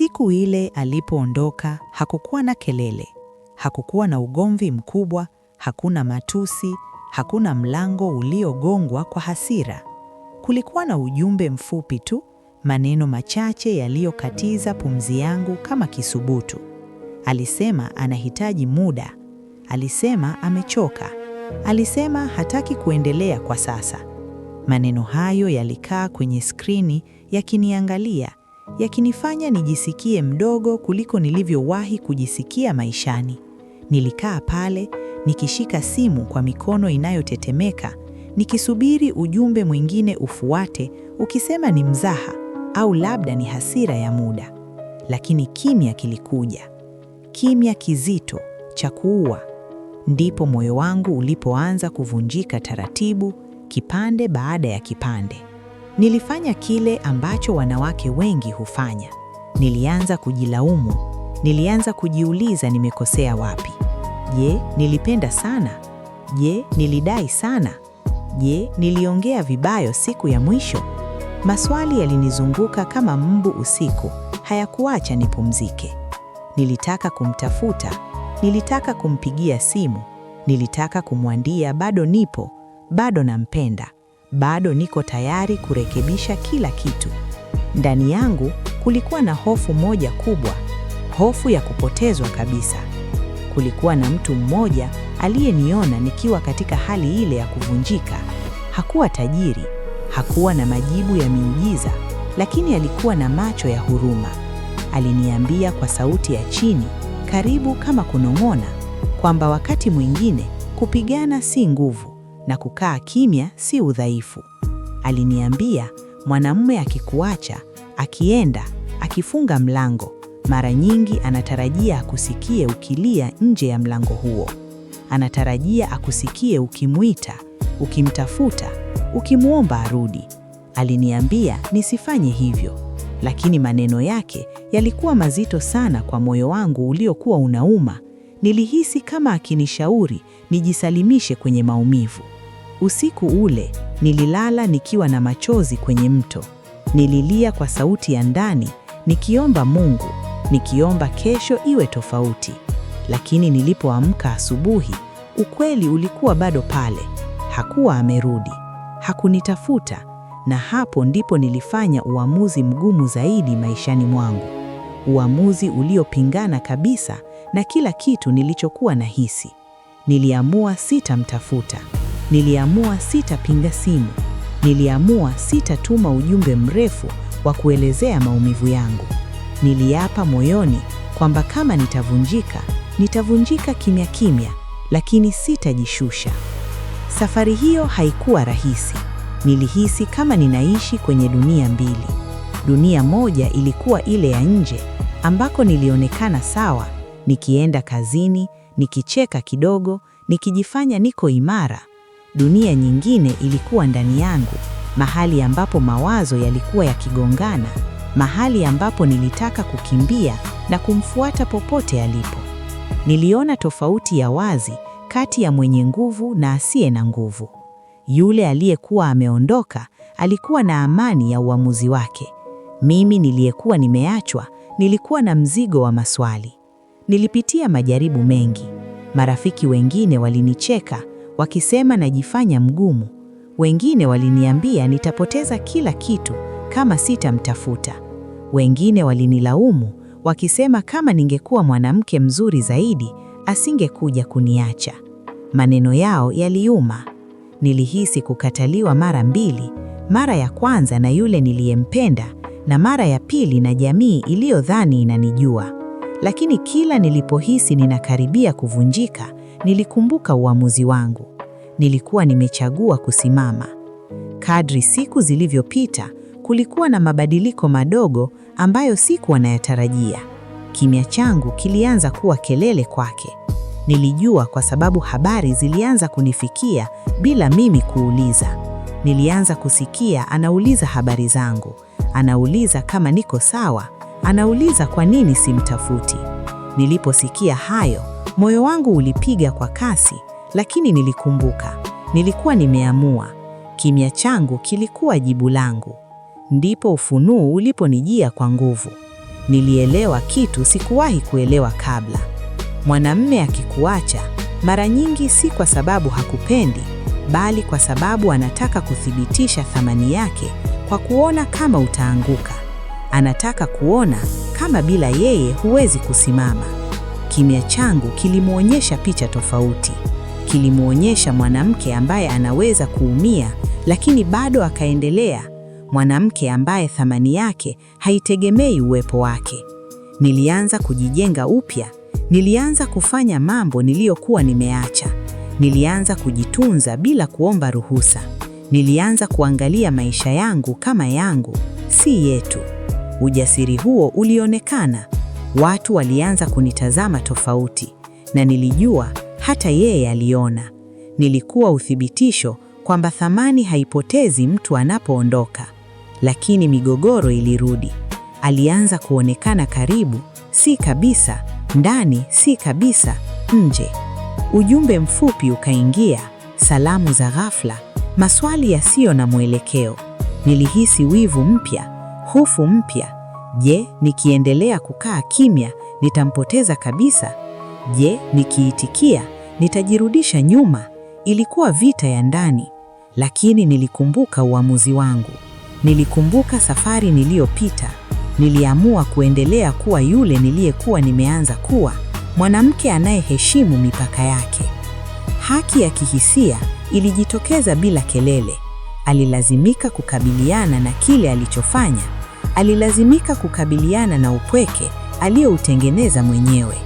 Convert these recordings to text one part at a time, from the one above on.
Siku ile alipoondoka hakukuwa na kelele, hakukuwa na ugomvi mkubwa, hakuna matusi, hakuna mlango uliogongwa kwa hasira. Kulikuwa na ujumbe mfupi tu, maneno machache yaliyokatiza pumzi yangu kama kisubutu. Alisema anahitaji muda, alisema amechoka, alisema hataki kuendelea kwa sasa. Maneno hayo yalikaa kwenye skrini yakiniangalia yakinifanya nijisikie mdogo kuliko nilivyowahi kujisikia maishani. Nilikaa pale nikishika simu kwa mikono inayotetemeka, nikisubiri ujumbe mwingine ufuate, ukisema ni mzaha au labda ni hasira ya muda. Lakini kimya kilikuja, kimya kizito cha kuua. Ndipo moyo wangu ulipoanza kuvunjika taratibu, kipande baada ya kipande. Nilifanya kile ambacho wanawake wengi hufanya. Nilianza kujilaumu, nilianza kujiuliza nimekosea wapi. Je, nilipenda sana? Je, nilidai sana? Je, niliongea vibayo siku ya mwisho? Maswali yalinizunguka kama mbu usiku, hayakuacha nipumzike. Nilitaka kumtafuta, nilitaka kumpigia simu, nilitaka kumwandia bado nipo, bado nampenda bado niko tayari kurekebisha kila kitu. Ndani yangu kulikuwa na hofu moja kubwa, hofu ya kupotezwa kabisa. Kulikuwa na mtu mmoja aliyeniona nikiwa katika hali ile ya kuvunjika. Hakuwa tajiri, hakuwa na majibu ya miujiza, lakini alikuwa na macho ya huruma. Aliniambia kwa sauti ya chini, karibu kama kunong'ona, kwamba wakati mwingine kupigana si nguvu na kukaa kimya si udhaifu. Aliniambia mwanamume akikuacha, akienda, akifunga mlango, mara nyingi anatarajia akusikie ukilia nje ya mlango huo. Anatarajia akusikie ukimwita, ukimtafuta, ukimwomba arudi. Aliniambia nisifanye hivyo, lakini maneno yake yalikuwa mazito sana kwa moyo wangu uliokuwa unauma. Nilihisi kama akinishauri nijisalimishe kwenye maumivu. Usiku ule nililala nikiwa na machozi kwenye mto. Nililia kwa sauti ya ndani, nikiomba Mungu, nikiomba kesho iwe tofauti. Lakini nilipoamka asubuhi, ukweli ulikuwa bado pale. Hakuwa amerudi, hakunitafuta, na hapo ndipo nilifanya uamuzi mgumu zaidi maishani mwangu, uamuzi uliopingana kabisa na kila kitu nilichokuwa nahisi. Niliamua sitamtafuta. Niliamua sitapinga simu. Niliamua sitatuma ujumbe mrefu wa kuelezea maumivu yangu. Niliapa moyoni kwamba kama nitavunjika, nitavunjika kimya kimya, lakini sitajishusha. Safari hiyo haikuwa rahisi. Nilihisi kama ninaishi kwenye dunia mbili. Dunia moja ilikuwa ile ya nje ambako nilionekana sawa, nikienda kazini, nikicheka kidogo, nikijifanya niko imara. Dunia nyingine ilikuwa ndani yangu, mahali ambapo mawazo yalikuwa yakigongana, mahali ambapo nilitaka kukimbia na kumfuata popote alipo. Niliona tofauti ya wazi kati ya mwenye nguvu na asiye na nguvu. Yule aliyekuwa ameondoka alikuwa na amani ya uamuzi wake. Mimi niliyekuwa nimeachwa, nilikuwa na mzigo wa maswali. Nilipitia majaribu mengi. Marafiki wengine walinicheka wakisema najifanya mgumu, wengine waliniambia nitapoteza kila kitu kama sitamtafuta, wengine walinilaumu wakisema kama ningekuwa mwanamke mzuri zaidi asingekuja kuniacha. Maneno yao yaliuma. Nilihisi kukataliwa mara mbili, mara ya kwanza na yule niliyempenda na mara ya pili na jamii iliyodhani inanijua lakini kila nilipohisi ninakaribia kuvunjika, nilikumbuka uamuzi wangu. Nilikuwa nimechagua kusimama. Kadri siku zilivyopita, kulikuwa na mabadiliko madogo ambayo sikuwa nayatarajia. Kimya changu kilianza kuwa kelele kwake. Nilijua kwa sababu habari zilianza kunifikia bila mimi kuuliza. Nilianza kusikia anauliza habari zangu, anauliza kama niko sawa, Anauliza kwa nini simtafuti. Niliposikia hayo, moyo wangu ulipiga kwa kasi, lakini nilikumbuka. Nilikuwa nimeamua. Kimya changu kilikuwa jibu langu. Ndipo ufunuo uliponijia kwa nguvu. Nilielewa kitu sikuwahi kuelewa kabla. mwanamme akikuacha mara nyingi si kwa sababu hakupendi, bali kwa sababu anataka kuthibitisha thamani yake kwa kuona kama utaanguka. Anataka kuona kama bila yeye huwezi kusimama. Kimya changu kilimwonyesha picha tofauti. Kilimwonyesha mwanamke ambaye anaweza kuumia lakini bado akaendelea, mwanamke ambaye thamani yake haitegemei uwepo wake. Nilianza kujijenga upya, nilianza kufanya mambo niliyokuwa nimeacha. Nilianza kujitunza bila kuomba ruhusa. Nilianza kuangalia maisha yangu kama yangu, si yetu. Ujasiri huo ulionekana, watu walianza kunitazama tofauti, na nilijua hata yeye aliona. Nilikuwa uthibitisho kwamba thamani haipotezi mtu anapoondoka. Lakini migogoro ilirudi. Alianza kuonekana karibu, si kabisa, ndani si kabisa, nje. Ujumbe mfupi ukaingia, salamu za ghafla, maswali yasiyo na mwelekeo. Nilihisi wivu mpya, hofu mpya. Je, nikiendelea kukaa kimya nitampoteza kabisa? Je, nikiitikia nitajirudisha nyuma? Ilikuwa vita ya ndani, lakini nilikumbuka uamuzi wangu. Nilikumbuka safari niliyopita. Niliamua kuendelea kuwa yule niliyekuwa nimeanza kuwa, mwanamke anayeheshimu mipaka yake. Haki ya kihisia ilijitokeza bila kelele. Alilazimika kukabiliana na kile alichofanya alilazimika kukabiliana na upweke aliyoutengeneza mwenyewe.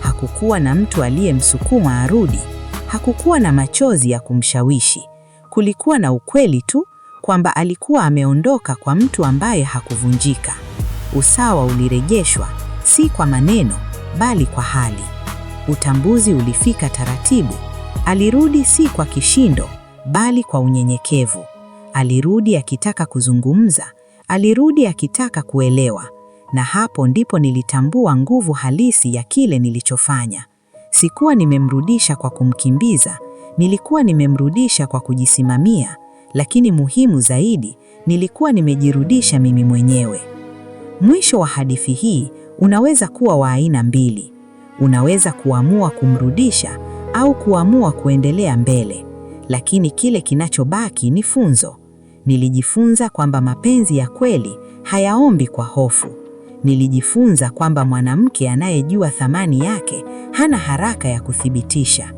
Hakukuwa na mtu aliyemsukuma arudi, hakukuwa na machozi ya kumshawishi. Kulikuwa na ukweli tu kwamba alikuwa ameondoka kwa mtu ambaye hakuvunjika. Usawa ulirejeshwa, si kwa maneno, bali kwa hali. Utambuzi ulifika taratibu. Alirudi si kwa kishindo, bali kwa unyenyekevu. Alirudi akitaka kuzungumza, Alirudi akitaka kuelewa, na hapo ndipo nilitambua nguvu halisi ya kile nilichofanya. Sikuwa nimemrudisha kwa kumkimbiza, nilikuwa nimemrudisha kwa kujisimamia, lakini muhimu zaidi, nilikuwa nimejirudisha mimi mwenyewe. Mwisho wa hadithi hii unaweza kuwa wa aina mbili. Unaweza kuamua kumrudisha au kuamua kuendelea mbele, lakini kile kinachobaki ni funzo. Nilijifunza kwamba mapenzi ya kweli hayaombi kwa hofu. Nilijifunza kwamba mwanamke anayejua thamani yake hana haraka ya kuthibitisha.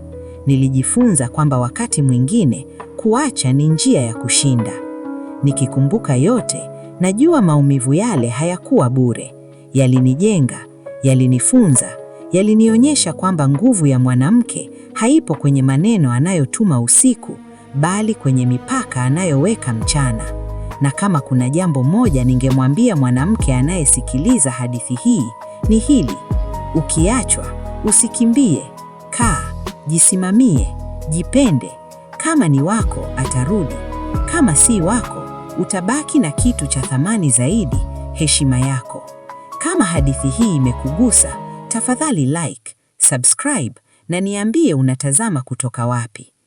Nilijifunza kwamba wakati mwingine kuacha ni njia ya kushinda. Nikikumbuka yote, najua maumivu yale hayakuwa bure. Yalinijenga, yalinifunza, yalinionyesha kwamba nguvu ya mwanamke haipo kwenye maneno anayotuma usiku, bali kwenye mipaka mipaka anayoweka mchana, na kama kuna jambo moja ningemwambia mwanamke anayesikiliza hadithi hii ni hili: ukiachwa, usikimbie, kaa, jisimamie, jipende. Kama ni wako atarudi, kama si wako utabaki na kitu cha thamani zaidi, heshima yako. Kama hadithi hii imekugusa, tafadhali like, subscribe na niambie unatazama kutoka wapi.